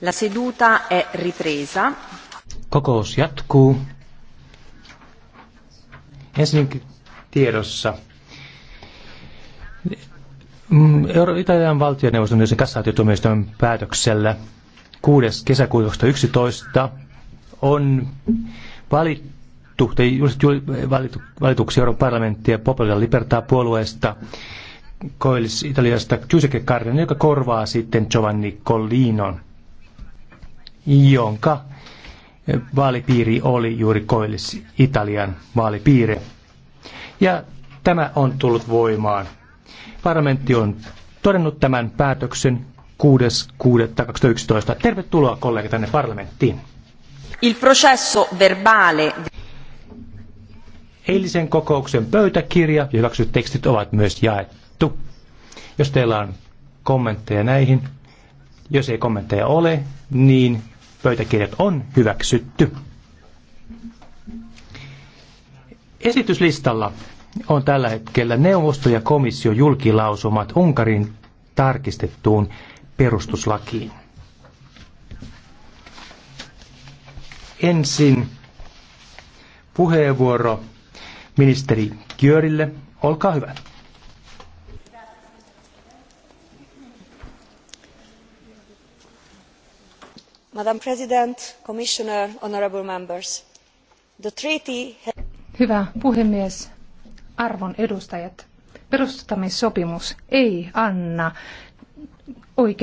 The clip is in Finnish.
La seduta è ripresa. Kokous jatkuu. Ensinnäkin tiedossa. Mm, Italian valtioneuvoston ja kassaatiotuomioistuimen päätöksellä 6. kesäkuuta 2011 on valittu, tai valittu, valituksi Euroopan parlamentti ja Popolilla Libertaa puolueesta Koillis-Italiasta Giuseppe Carden, joka korvaa sitten Giovanni Collinon jonka vaalipiiri oli juuri Koillis Italian vaalipiiri. Ja tämä on tullut voimaan. Parlamentti on todennut tämän päätöksen 6.6.2011. Tervetuloa kollega tänne parlamenttiin. Il processo verbale. Eilisen kokouksen pöytäkirja ja hyväksyt tekstit ovat myös jaettu. Jos teillä on kommentteja näihin, jos ei kommentteja ole, niin Pöytäkirjat on hyväksytty. Esityslistalla on tällä hetkellä neuvosto- ja komissio julkilausumat Unkarin tarkistettuun perustuslakiin. Ensin puheenvuoro ministeri Kyörille. Olkaa hyvä. madam president commissioner honourable members the treaty Hyvä puhemies, arvon edustajat. Perustamissopimus ei anna oikeuksia